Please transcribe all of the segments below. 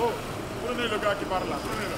Oh, prenez le gars qui parle là, prenez-le.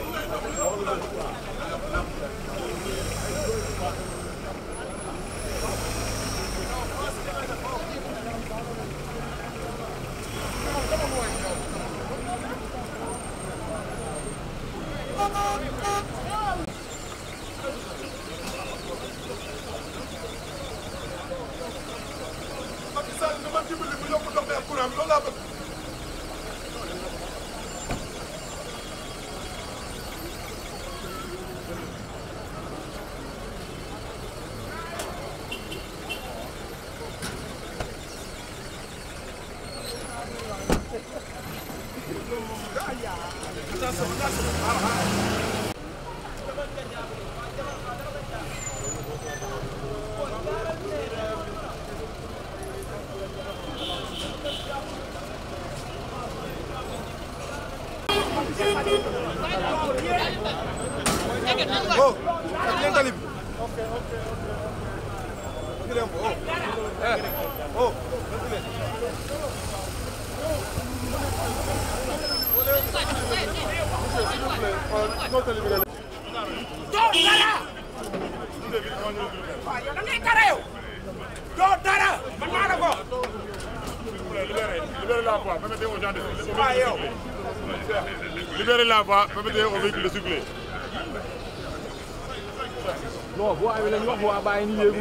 Oh, bien Talib. Okay, okay, okay. Oh, oh, doo dara. waaw yow da ngay tere yow. doo dara. man maa la ko. waaw yow. Libérez la voie, permettez au véhicule de circuler. non boo amee la ñu wax boo bàyyi nii yéegu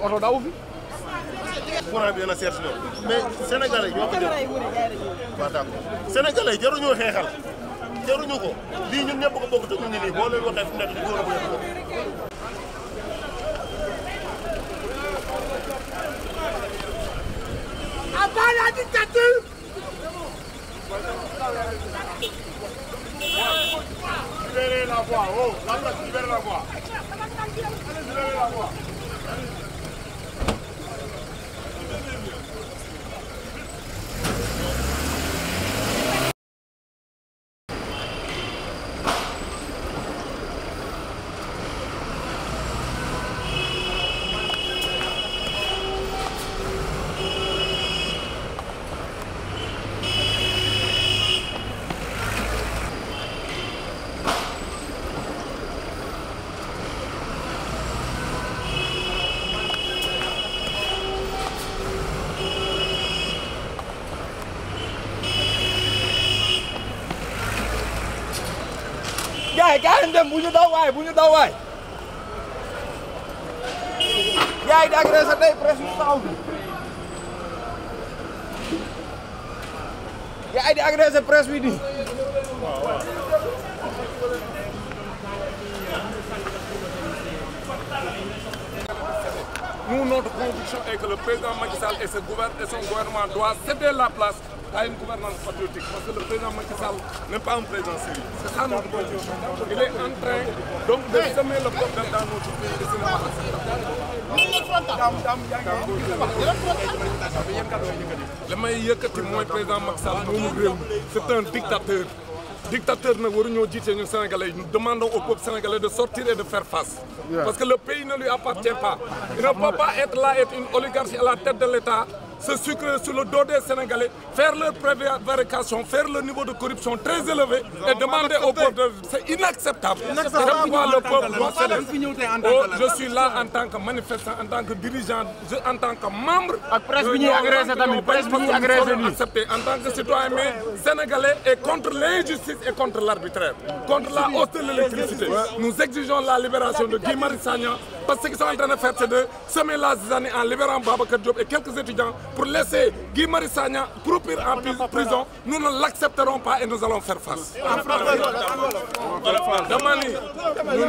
ma oto daw fi. courant bi yéen a seet si loolu ñoo ko jël. waaw d'accord ko lii ñun ñëpp ko ngi nii boo leen waxee fu mu nekk góor a bu ko. avant la dictature. Libérez la voie, oh, la place, libérez la voie. Allez, libérez la voie. waay gaa yi dem bu ñu daw waay bu ñu daw waay. gaa di agressé tey presse ñu taxaw fi. gaa di. Nous, notre conviction est que le président Macky Sall et, son gouvernement doivent céder la place à une gouvernance patriotique. Parce que le président Macky Sall n'est pas un président sérieux. C'est ça notre conviction. Il est en train donc de semer le problème dans notre pays de cinéma. li may yëkkati mooy président Macky Sall moomu réew mi c'est dictateur nag waruñoo jiite ñun sénégalais yi nous demandons au peuple sénégalais de sortir et de faire face. parce que le pays ne lui appartient pas. il ne peut pas être se sucrer sur le dos des Sénégalais, faire leur prévarication, faire le niveau de corruption très élevé et demander au peuple. C'est inacceptable. le peuple oh, je suis là en tant que manifestant, en tant que dirigeant, en tant que membre. Euh, en tant et contre l'injustice et contre l'arbitraire, contre la hausse de Nous exigeons la libération de Guy Sagna Parce que ce qu'ils sont en train de faire, c'est de semer la zizanie en libérant Babacar Diop et quelques étudiants pour laisser Guy Marius Sagna croupir en prison. Nous ne l'accepterons pas et nous allons faire face. dama ni ñun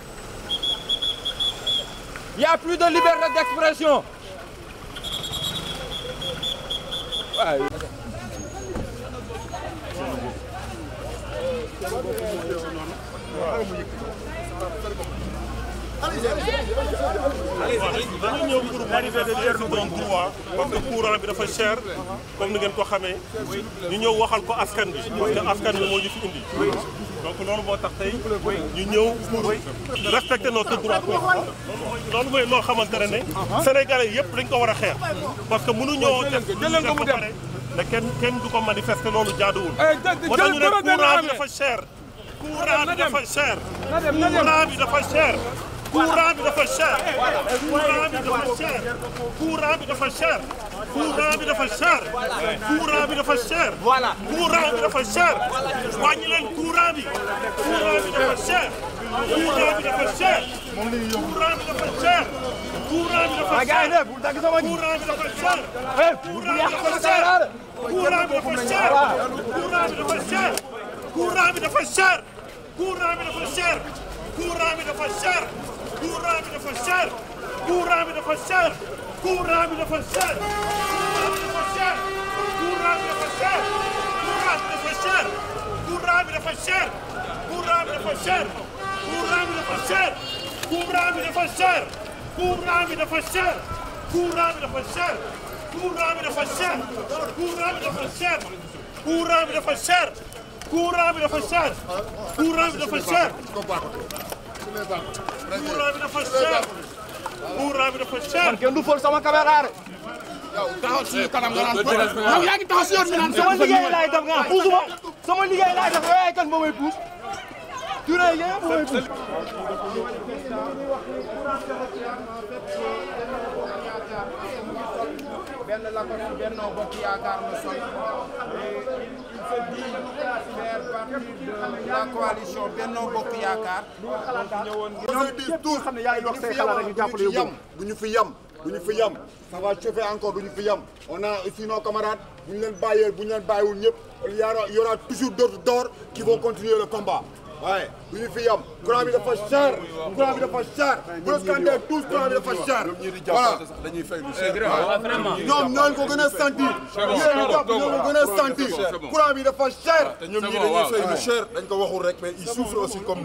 Il n'y de liberté d'expression. Ouais. dañu ñëw pour manifester de Thierno Bocoum droit parce que courant bi dafa cher comme ni ngeen ko xamee ñu ñëw waxal ko askan bi parce que askan bi moo ñu fi donc loolu moo tax tey ñu ñëw pour respecter notre droit loolu mooy loo xamante ne ne sénégalais yëpp dañ ko war a xeex parce que ñëw def jëleen ko mu dem kenn kenn du ko manifester loolu jaaduwul eh, moo tax ñu ne courant bi dafa cher courant bi dafa cher courant bi dafa cher courant bi dafa cher. courant bi dafa cher. courant bi dafa cher. courant bi dafa cher. courant bi dafa cher. courant bi dafa cher. wàññi leen courant bi. courant bi dafa cher. courant bi dafa cher. courant bi dafa cher. courant bi dafa cher. courant bi dafa cher. courant bi dafa cher. courant bi dafa cher. courant bi dafa cher. courant bi dafa cher. courant bi dafa cher. courant bi dafa cher courant bi dafa cher courant bi dafa cher courant bi dafa cher courant bi dafa cher courant bi dafa cher courant bi dafa cher courant bi dafa cher courant bi dafa cher courant bi dafa cher courant bi dafa cher courant bi dafa cher courant bi dafa cher courant bi dafa cher courant bi dafa cher courant bi dafa cher courant bi dafa cher. courant bi dafa cher. man kenn du fol sama caméra rek. yow taxaw suñu kanam nga naan yow yaa ngi taxaw si yoon bi naan sama liggéey laay def nga puus ma sama liggéey laay def yow eh, yaay kan moom mooy puus. Touré yaay moom mooy puus. benn la ko benn bokk yaakaar na sol se dit faire partie de la coalition Benno Bokk Yaakaar. ñëwoon ñoom képp koo xam ne yaa ngi wax say xalaat rek ñu jàppale yow. bu ñu fi bu ñu fi yem ça va chauffer encore bu ñu fi yem on a aussi nos camarades bu ñu leen bàyyee bu leen bàyyiwul ñëpp il y aura toujours d'autres dors qui vont continuer le combat. waaye fi yam courant bi dafa cher courant bi dafa cher bu la scandé tous courant bi dafa cher ñoom ñoo ko gën a sentir yéen jàpp ñoo ko gën a sentir courant dafa cher ñoom ñii dañuy dañ ko waxul rek mais ils souffrent aussi comme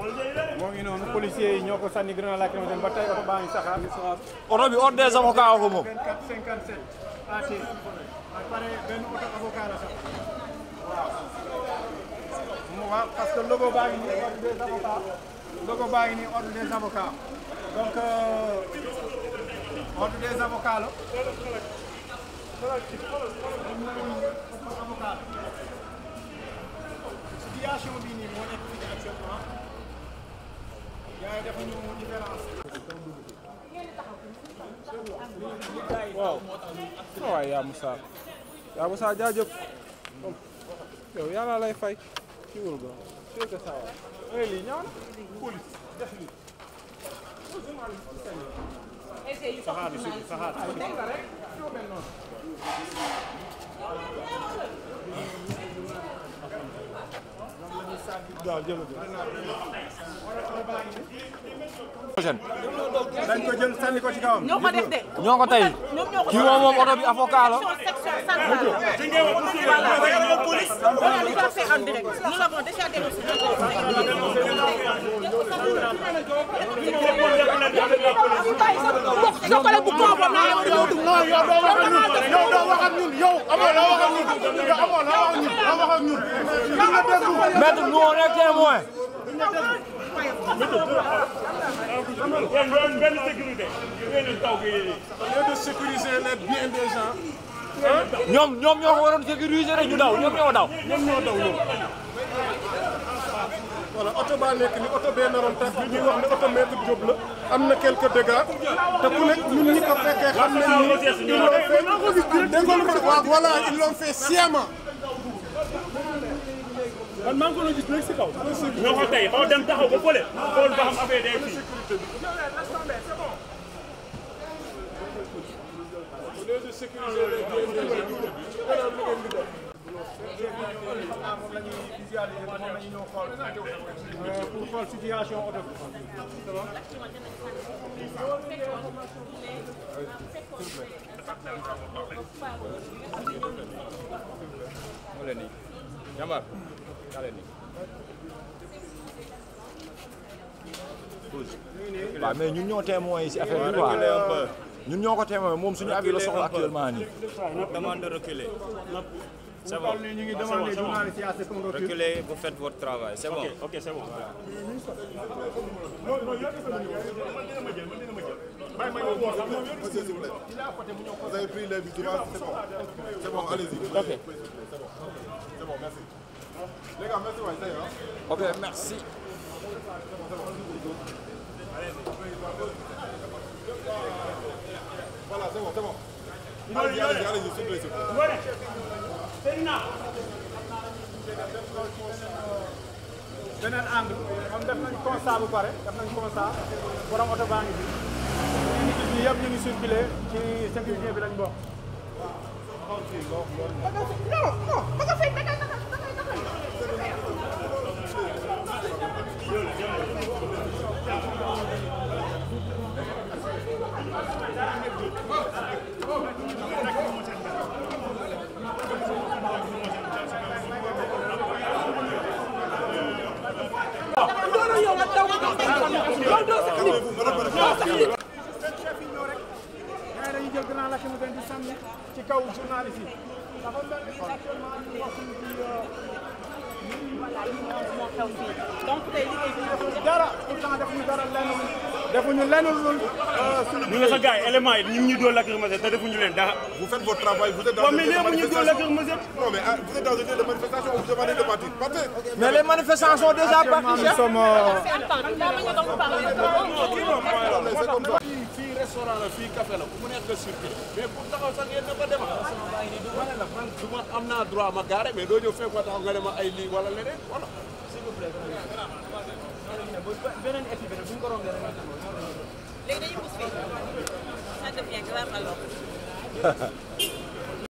moo ngi noonu policiers yi ñoo ko sànni grenade lacrymogène ba tey oto baa ngi saxaar oto bi ordre des avocats ko euh, moom waaw waaye yaa Moussa yaa Moussa jaajëf yow fay ci wul ga fekk sa waay ay eh, lii ñaan police def waaw jërëjëf. dañ ko jël sànni ko ci ñoo ko def de. ñoo ko tey kii moom moom oto bi avocat sa collègue bu kooku am naa yow dugg. non yow doo wax ak ñun yow doo wax ak ñun yow amoo loo wax ak ñun yow amoo loo wax ak ñun loo wax ak ñun. maître nous on est témoin. benn sécurité. de sécuriser les biens des gens. ñoom ñoom ñoo ko waroon sécuriser rek ñu daw ñoom ñoo daw. ñoom ñoo daw ñoom. voilà oto baa nekk ni oto bee naroon tax bi ñuy wax ne oto maître Diop la am na quelques dégâts te ku nekk ñun ñi ko fekkee xam ma ne waaw voilà ils l'ont fait sciemment pour xool situation oto bi. moo mais ñun ñoo témoin ci affaire bi quoi ñun ñoo ko témoin moom suñu avis la soxla actuellement nii. demande de reculer. c'est bon ah, reculez vous faites votre travail c'est bon ok c'est bon vous avez pris les vigilantes c'est bon c'est bon allez-y ok c'est bon merci les gars merci ok merci voilà c'est bon c'est bon allez-y allez-y allez-y s'il vous plaît beneen angle xam def nañ constat bu bare def nañ constat oto baa ngi ñu ngi gis ñi ñu ngi circulé ci sécurité bi lañ bokk ci kaw journaliste yi dafa mel ni actuellement ñu wax donc tey liggéey bi defuñu dara pourtant defuñu dara lenn defuñu lenn lu suñu. ñu ne sa gars yi éléments yi ñu ngi ñu doon lacrymogène te defuñu leen dara. vous faites votre travail vous êtes dans. des manifestations de partir partez. restaurant la fii café la bu mu nekk circuit mais pour taxaw sax yéen dafa dem wala la am naa droit ma gaare mais doo ñëw fekk ma nga ne ay lii wala leneen wala s'il vous plaît